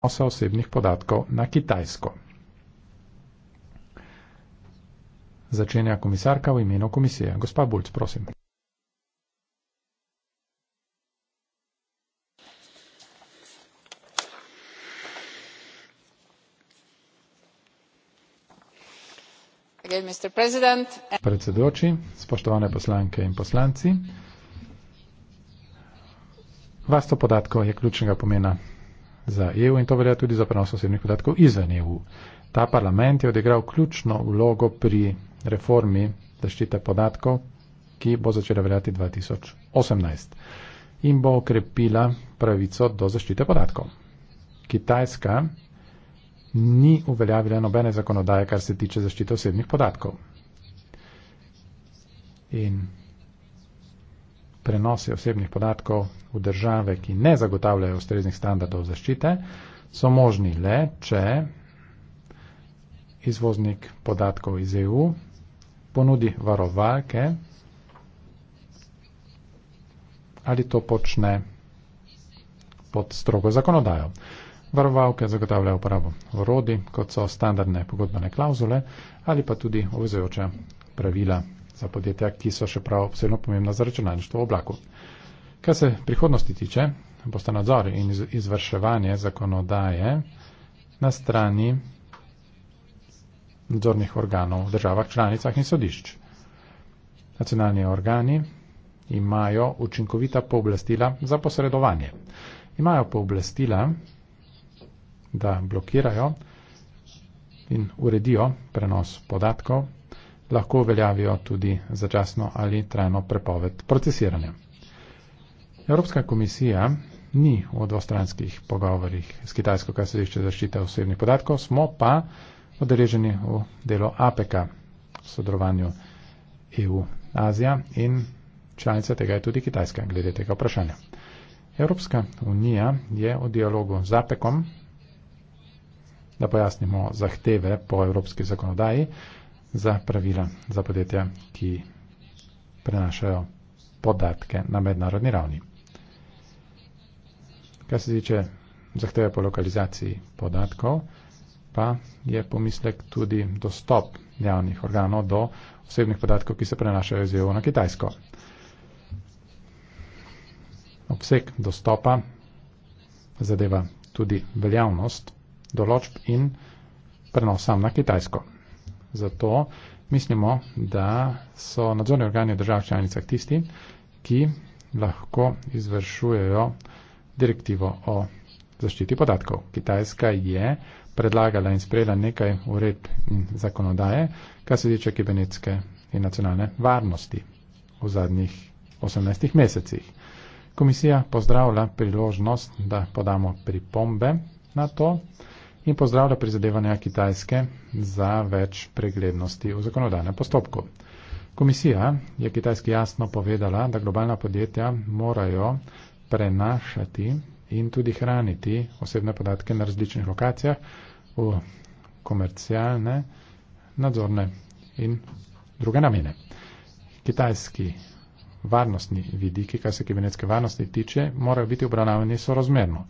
prenosa osebnih podatkov na Kitajsko. Začenja komisarka v imenu komisije. Gospa Bulc, prosim. Predsedujoči, spoštovane poslanke in poslanci, varstvo podatkov je ključnega pomena za EU in to velja tudi za prenos osebnih podatkov izven EU. Ta parlament je odigral ključno vlogo pri reformi zaščite podatkov, ki bo začela veljati 2018 in bo okrepila pravico do zaščite podatkov. Kitajska ni uveljavila nobene zakonodaje, kar se tiče zaščite osebnih podatkov. In prenose osebnih podatkov v države, ki ne zagotavljajo ustreznih standardov zaščite, so možni le, če izvoznik podatkov iz EU ponudi varovalke ali to počne pod strogo zakonodajo. Varovalke zagotavljajo uporabo orodij, kot so standardne pogodbene klauzule ali pa tudi obvezujoča pravila za podjetja, ki so še prav posebno pomembna za računalništvo v oblaku. Kar se prihodnosti tiče, boste nadzor in izvrševanje zakonodaje na strani nadzornih organov v državah, članicah in sodišč. Nacionalni organi imajo učinkovita pooblastila za posredovanje. Imajo pooblastila, da blokirajo in uredijo prenos podatkov lahko uveljavijo tudi začasno ali trajno prepoved procesiranja. Evropska komisija ni v dvostranskih pogovorjih s Kitajsko, kar se tiče zaščite osebnih podatkov, smo pa odreženi v delo APK v sodelovanju EU-Azija in članica tega je tudi Kitajska glede tega vprašanja. Evropska unija je v dialogu z APK-om, da pojasnimo zahteve po evropski zakonodaji, za pravila za podjetja, ki prenašajo podatke na mednarodni ravni. Kar se tiče zahteve po lokalizaciji podatkov, pa je pomislek tudi dostop javnih organov do osebnih podatkov, ki se prenašajo iz EU na Kitajsko. Obseg dostopa zadeva tudi veljavnost določb in prenos sam na Kitajsko. Zato mislimo, da so nadzorni organi držav članicah tisti, ki lahko izvršujejo direktivo o zaščiti podatkov. Kitajska je predlagala in sprejela nekaj ured in zakonodaje, kar se tiče kibernetske in nacionalne varnosti v zadnjih 18 mesecih. Komisija pozdravlja priložnost, da podamo pripombe na to in pozdravlja prizadevanja Kitajske za več preglednosti v zakonodajnem postopku. Komisija je Kitajski jasno povedala, da globalna podjetja morajo prenašati in tudi hraniti osebne podatke na različnih lokacijah v komercialne, nadzorne in druge namene. Kitajski varnostni vidiki, kar se kibernetske varnosti tiče, morajo biti obravnavani sorazmerno.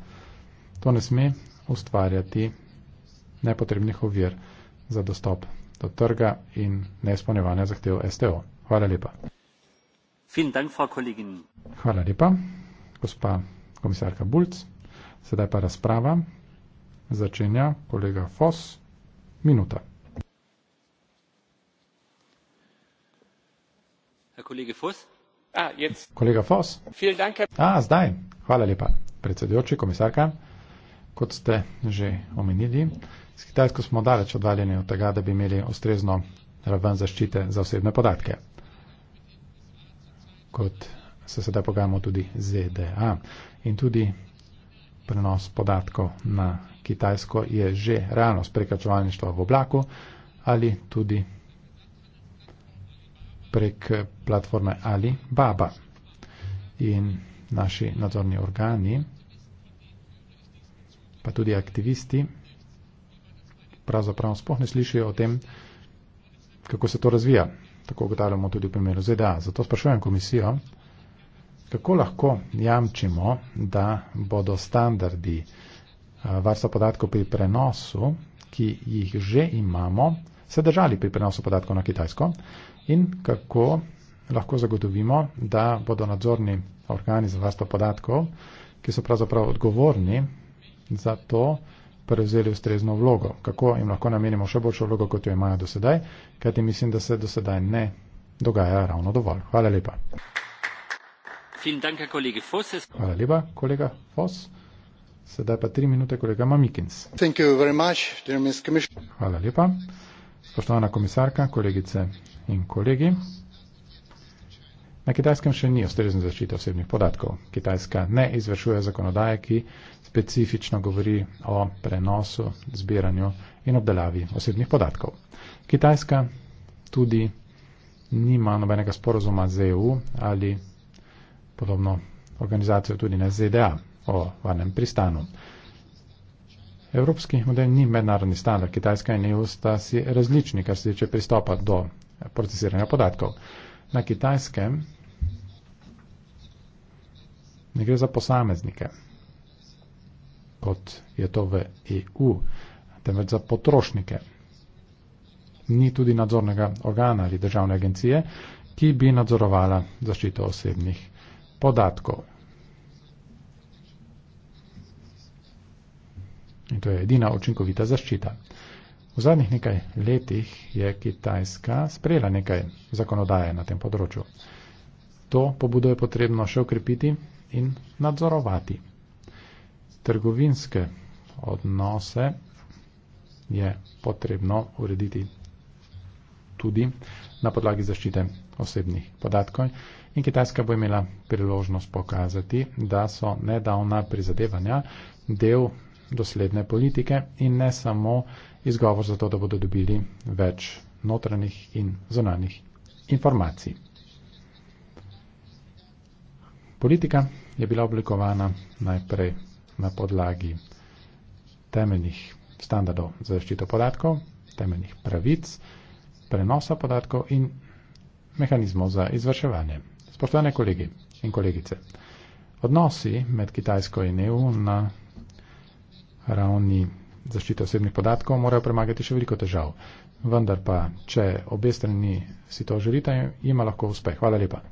To ne sme ustvarjati nepotrebnih ovir za dostop do trga in neizpolnjevanja zahtev STO. Hvala lepa. Hvala lepa, gospa komisarka Bulc. Sedaj pa razprava. Začenja kolega Fos. Minuta. Ah, kolega Fos. A, ah, zdaj. Hvala lepa, predsedujoči komisarka kot ste že omenili. S Kitajsko smo daleč oddaljeni od tega, da bi imeli ustrezno raven zaščite za osebne podatke. Kot se sedaj pogajamo tudi ZDA in tudi prenos podatkov na Kitajsko je že realnost prekačevalništva v oblaku ali tudi prek platforme Alibaba. In naši nadzorni organi pa tudi aktivisti, pravzaprav spohne slišijo o tem, kako se to razvija. Tako ugotavljamo tudi v primeru ZDA. Zato sprašujem komisijo, kako lahko jamčimo, da bodo standardi eh, varstva podatkov pri prenosu, ki jih že imamo, se držali pri prenosu podatkov na Kitajsko in kako lahko zagotovimo, da bodo nadzorni organi za varstvo podatkov, ki so pravzaprav odgovorni za to prevzeli ustrezno vlogo. Kako jim lahko namenimo še boljšo vlogo, kot jo imajo do sedaj, kajti mislim, da se do sedaj ne dogaja ravno dovolj. Hvala lepa. Hvala lepa, kolega Foss. Sedaj pa tri minute, kolega Mamikins. Hvala lepa. Spoštovana komisarka, kolegice in kolegi. Na kitajskem še ni ustrezne zaščite osebnih podatkov. Kitajska ne izvršuje zakonodaje, ki specifično govori o prenosu, zbiranju in obdelavi osebnih podatkov. Kitajska tudi nima nobenega sporozuma z EU ali podobno organizacijo tudi ne ZDA o varnem pristanu. Evropski model ni mednarodni standard. Kitajska in EU sta si različni, kar se tiče pristopa do procesiranja podatkov. Na kitajskem ne gre za posameznike, kot je to v EU, temveč za potrošnike. Ni tudi nadzornega organa ali državne agencije, ki bi nadzorovala zaščito osebnih podatkov. In to je edina učinkovita zaščita. V zadnjih nekaj letih je Kitajska sprejela nekaj zakonodaje na tem področju. To pobudo je potrebno še ukrepiti in nadzorovati trgovinske odnose je potrebno urediti tudi na podlagi zaščite osebnih podatkov in Kitajska bo imela priložnost pokazati, da so nedavna prizadevanja del dosledne politike in ne samo izgovor za to, da bodo dobili več notranjih in zonanih informacij. Politika je bila oblikovana najprej na podlagi temeljnih standardov za zaščito podatkov, temeljnih pravic, prenosa podatkov in mehanizmov za izvrševanje. Spoštovane kolegi in kolegice, odnosi med Kitajsko in EU na ravni zaščite osebnih podatkov morajo premagati še veliko težav. Vendar pa, če obe strani si to želite, ima lahko uspeh. Hvala lepa.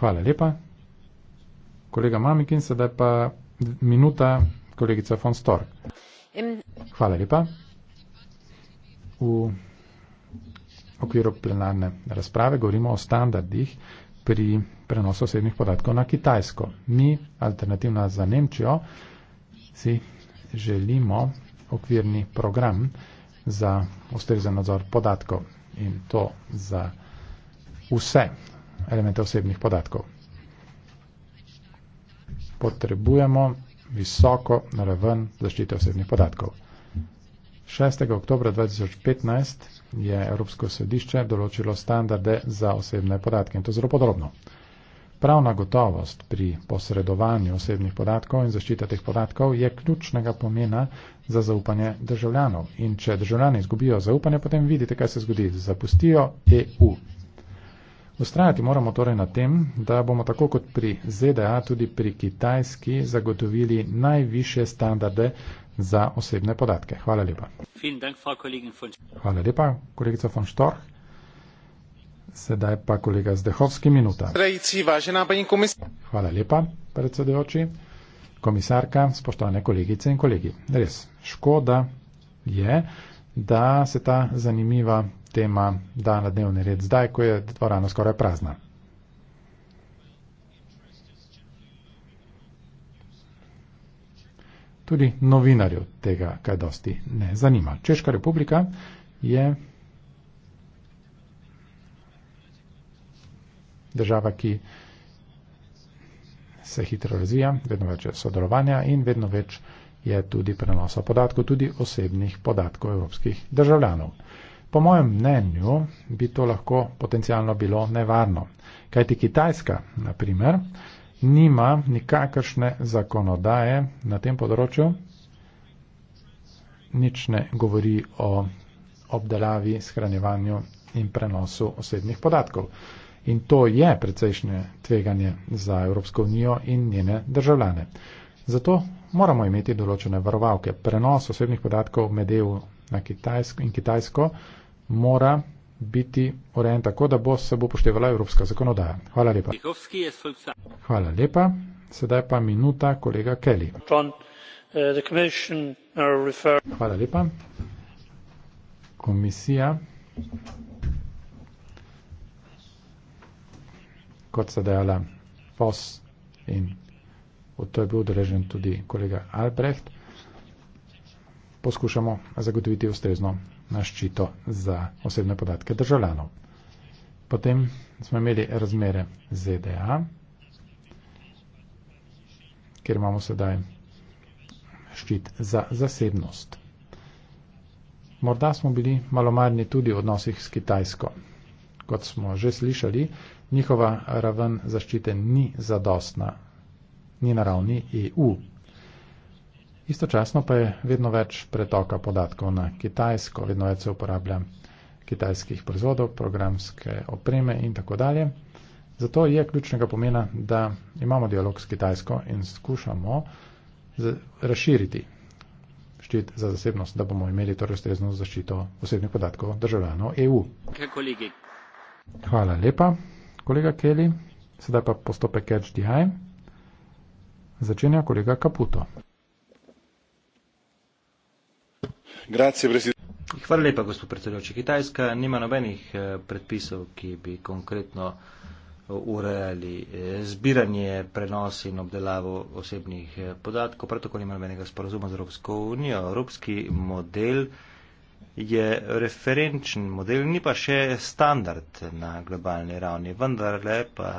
Hvala lepa kolega Mamikin, sedaj pa minuta kolegica von Stork. Hvala lepa. V okviru plenarne razprave govorimo o standardih pri prenosu osebnih podatkov na Kitajsko. Mi, alternativna za Nemčijo, si želimo okvirni program za ustrezen nadzor podatkov in to za vse elemente osebnih podatkov potrebujemo visoko raven zaščite osebnih podatkov. 6. oktober 2015 je Evropsko sodišče določilo standarde za osebne podatke in to zelo podrobno. Pravna gotovost pri posredovanju osebnih podatkov in zaščita teh podatkov je ključnega pomena za zaupanje državljanov. In če državljani izgubijo zaupanje, potem vidite, kaj se zgodi. Zapustijo EU, Ustrajati moramo torej na tem, da bomo tako kot pri ZDA tudi pri Kitajski zagotovili najviše standarde za osebne podatke. Hvala lepa. Hvala lepa, kolegica von Storch. Sedaj pa kolega Zdehovski, minuta. Hvala lepa, predsedujoči, komisarka, spoštovane kolegice in kolegi. Res, škoda je, da se ta zanimiva tema da na dnevni red zdaj, ko je dvorana skoraj prazna. Tudi novinarju tega kaj dosti ne zanima. Češka republika je država, ki se hitro razvija, vedno več je sodelovanja in vedno več je tudi prenosa podatkov, tudi osebnih podatkov evropskih državljanov. Po mojem mnenju bi to lahko potencialno bilo nevarno, kajti Kitajska, na primer, nima nikakršne zakonodaje na tem področju, nič ne govori o obdelavi, shranjevanju in prenosu osebnih podatkov. In to je precejšnje tveganje za Evropsko unijo in njene državljane. Zato moramo imeti določene varovalke. Prenos osebnih podatkov med EU na Kitajsko in Kitajsko mora biti urejen tako, da bo se bo upoštevala evropska zakonodaja. Hvala lepa. Hvala lepa. Sedaj pa minuta kolega Kelly. Uh, Hvala lepa. Komisija. kot se dejala POS in od to je bil udeležen tudi kolega Albrecht, poskušamo zagotoviti ustrezno na ščito za osebne podatke državljanov. Potem smo imeli razmere ZDA, kjer imamo sedaj ščit za zasebnost. Morda smo bili malomarni tudi v odnosih s Kitajsko. Kot smo že slišali, njihova raven zaščite ni zadostna, ni na ravni EU. Istočasno pa je vedno več pretoka podatkov na Kitajsko, vedno več se uporablja kitajskih proizvodov, programske opreme in tako dalje. Zato je ključnega pomena, da imamo dialog s Kitajsko in skušamo razširiti ščit za zasebnost, da bomo imeli torej ustrezno zaščito osebnih podatkov državljanov EU. Hvala lepa, kolega Kelly. Sedaj pa postopek HDI. Začenja kolega Kaputo. Hvala lepa, gospod predsedujoči. Kitajska nima nobenih eh, predpisov, ki bi konkretno eh, urejali eh, zbiranje, prenos in obdelavo osebnih podatkov, prav tako nima nobenega sporozuma z Evropsko unijo. Evropski model je referenčen model, ni pa še standard na globalni ravni, vendar le pa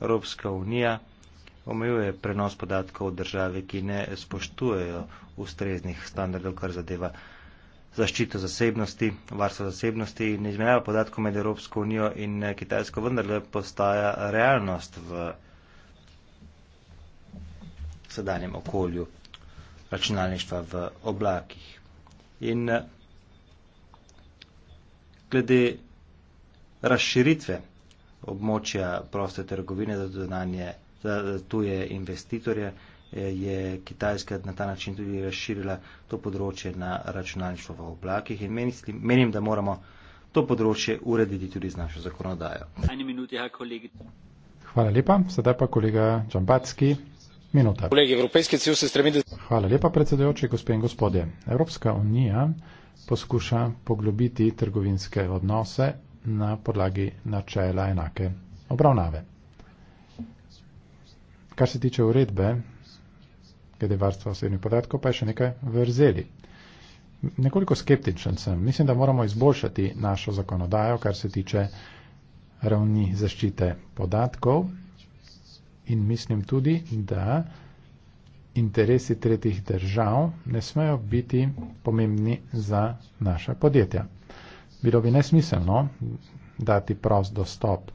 Evropska unija omejuje prenos podatkov države, ki ne spoštujejo ustreznih standardov, kar zadeva zaščito zasebnosti, varstvo zasebnosti in izmenjava podatkov med Evropsko unijo in eh, Kitajsko vendarle postaja realnost v sedanjem okolju računalništva v oblakih. In eh, glede razširitve območja proste trgovine za dodanje za tuje investitorje, eh, je Kitajska na ta način tudi razširila to področje na računalništvo v oblakih in menim, menim da moramo to področje urediti tudi z našo zakonodajo. Ja, Hvala lepa, sedaj pa kolega Džambatski. Minuta. Hvala lepa, predsedojoči, gospe in gospodje. Evropska unija poskuša poglobiti trgovinske odnose na podlagi načela enake obravnave kar se tiče uredbe, glede varstva osebnih podatkov, pa je še nekaj vrzeli. Nekoliko skeptičen sem. Mislim, da moramo izboljšati našo zakonodajo, kar se tiče ravni zaščite podatkov. In mislim tudi, da interesi tretjih držav ne smejo biti pomembni za naša podjetja. Bilo bi nesmiselno dati prost dostop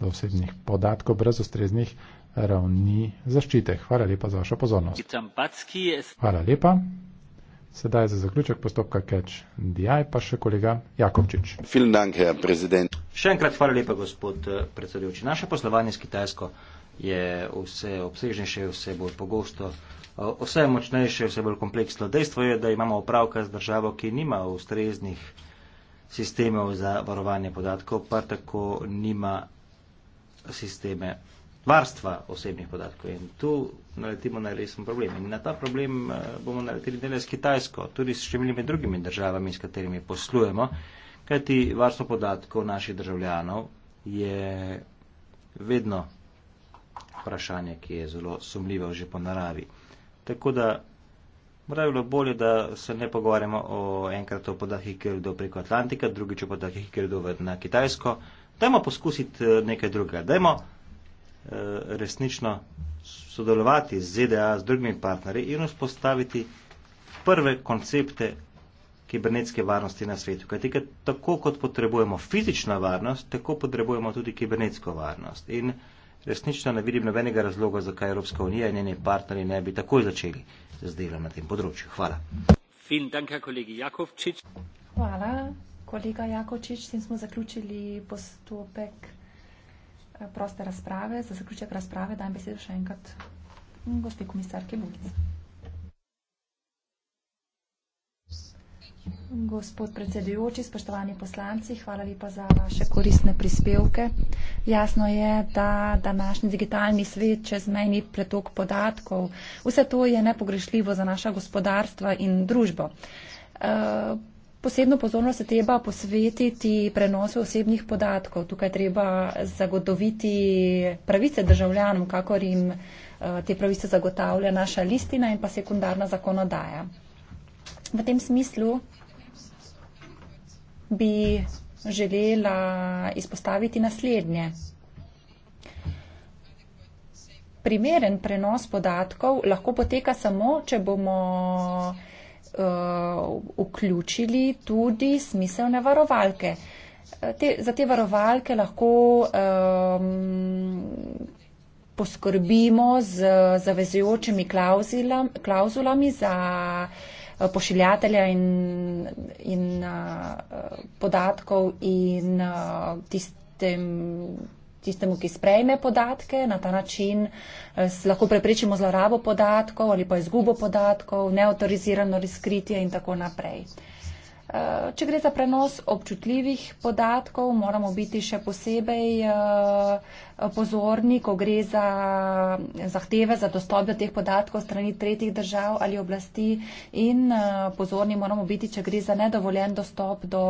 do osebnih podatkov brez ustreznih ravni zaščite. Hvala lepa za vašo pozornost. Hvala lepa. Sedaj za zaključek postopka Catch DI pa še kolega Jakovčič. Še enkrat hvala lepa, gospod eh, predsedujoči. Naše poslovanje s Kitajsko je vse obsežnejše, vse bolj pogosto, eh, vse močnejše, vse bolj kompleksno. Dejstvo je, da imamo opravka z državo, ki nima ustreznih sistemov za varovanje podatkov, pa tako nima sisteme varstva osebnih podatkov. In tu naletimo na resen problem. In na ta problem eh, bomo naleteli delaj s Kitajsko, tudi s številnimi drugimi državami, s katerimi poslujemo, kajti varstvo podatkov naših državljanov je vedno vprašanje, ki je zelo sumljivo že po naravi. Tako da morajo bilo bolje, da se ne pogovarjamo o enkrat o podatkih, ki gredo preko Atlantika, drugič o podatkih, ki gredo na Kitajsko. Dajmo poskusiti eh, nekaj drugega. Dajmo Eh, resnično sodelovati z ZDA, z drugimi partnerji in vzpostaviti prve koncepte kibernetske varnosti na svetu. Kajti, kaj tako kot potrebujemo fizično varnost, tako potrebujemo tudi kibernetsko varnost. In resnično ne vidim nobenega razloga, zakaj Evropska unija in njeni partnerji ne bi takoj začeli z delom na tem področju. Hvala. Danka, Hvala, kolega Jakovčič. S tem smo zaključili postopek. Eh, proste razprave. Za zaključek razprave dajem besedo še enkrat gospe komisarki Bukic. Gospod predsedujoči, spoštovani poslanci, hvala lepa za vaše koristne prispevke. Jasno je, da današnji digitalni svet čezmejni pretok podatkov, vse to je nepogrešljivo za naša gospodarstva in družbo. Uh, posebno pozornost treba posvetiti prenosu osebnih podatkov. Tukaj treba zagotoviti pravice državljanom, kakor jim eh, te pravice zagotavlja naša listina in pa sekundarna zakonodaja. V tem smislu bi želela izpostaviti naslednje. Primeren prenos podatkov lahko poteka samo, če bomo uh, vključili tudi smiselne varovalke. Eh, te, za te varovalke lahko um, poskrbimo z zavezujočimi klauzulami za eh, pošiljatelja in, in uh, podatkov in uh, tistem tistemu, ki sprejme podatke, na ta način eh, lahko preprečimo zlorabo podatkov ali pa izgubo podatkov, neautorizirano razkritje in tako naprej. Eh, če gre za prenos občutljivih podatkov, moramo biti še posebej eh, pozorni, ko gre za zahteve za dostop do teh podatkov strani tretjih držav ali oblasti in pozorni moramo biti, če gre za nedovoljen dostop do,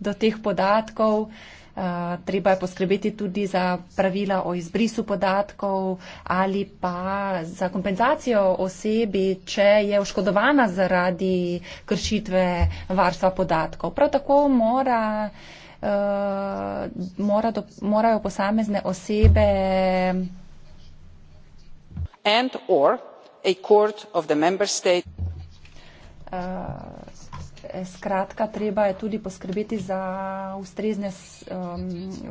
do teh podatkov. Eh, treba je poskrbeti tudi za pravila o izbrisu podatkov ali pa za kompenzacijo osebi, če je oškodovana zaradi kršitve varstva podatkov. Prav tako mora. Uh, mora do, morajo posamezne osebe and or a court of the member state uh, Eh, skratka, treba je tudi poskrbeti za ustrezne um,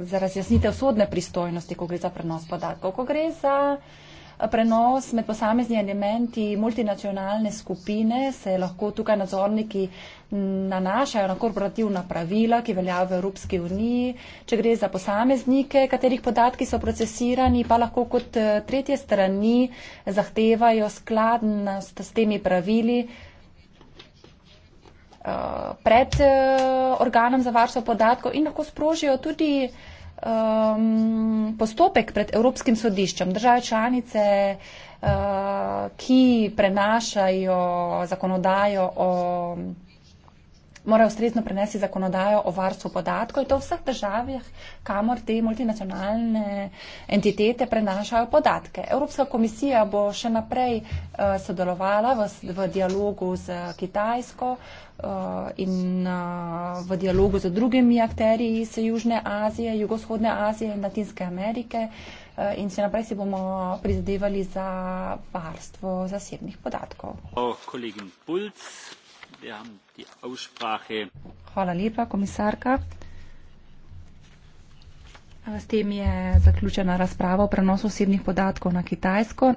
za razjasnitev sodne pristojnosti, ko gre za prenos podatkov. Ko gre za prenos med posamezni elementi multinacionalne skupine, se lahko tukaj nadzorniki nanašajo na korporativna pravila, ki veljajo v Evropski uniji. Če gre za posameznike, katerih podatki so procesirani, pa lahko kot eh, tretje strani zahtevajo skladnost s temi pravili Eh, pred eh, organom za varstvo podatkov in lahko sprožijo tudi ehm, postopek pred Evropskim sodiščem. Države članice, eh, ki prenašajo zakonodajo o mora ustrezno prenesti zakonodajo o varstvu podatkov. To v vseh državah, kamor te multinacionalne entitete prenašajo podatke. Evropska komisija bo še naprej uh, sodelovala v, v dialogu z eh, Kitajsko eh, in v dialogu z drugimi akteri iz Južne Azije, Jugoshodne Azije in Latinske Amerike in se naprej si bomo prizadevali za varstvo zasebnih podatkov. O, Hvala lepa, komisarka. S tem je zaključena razprava o prenosu osebnih podatkov na Kitajsko.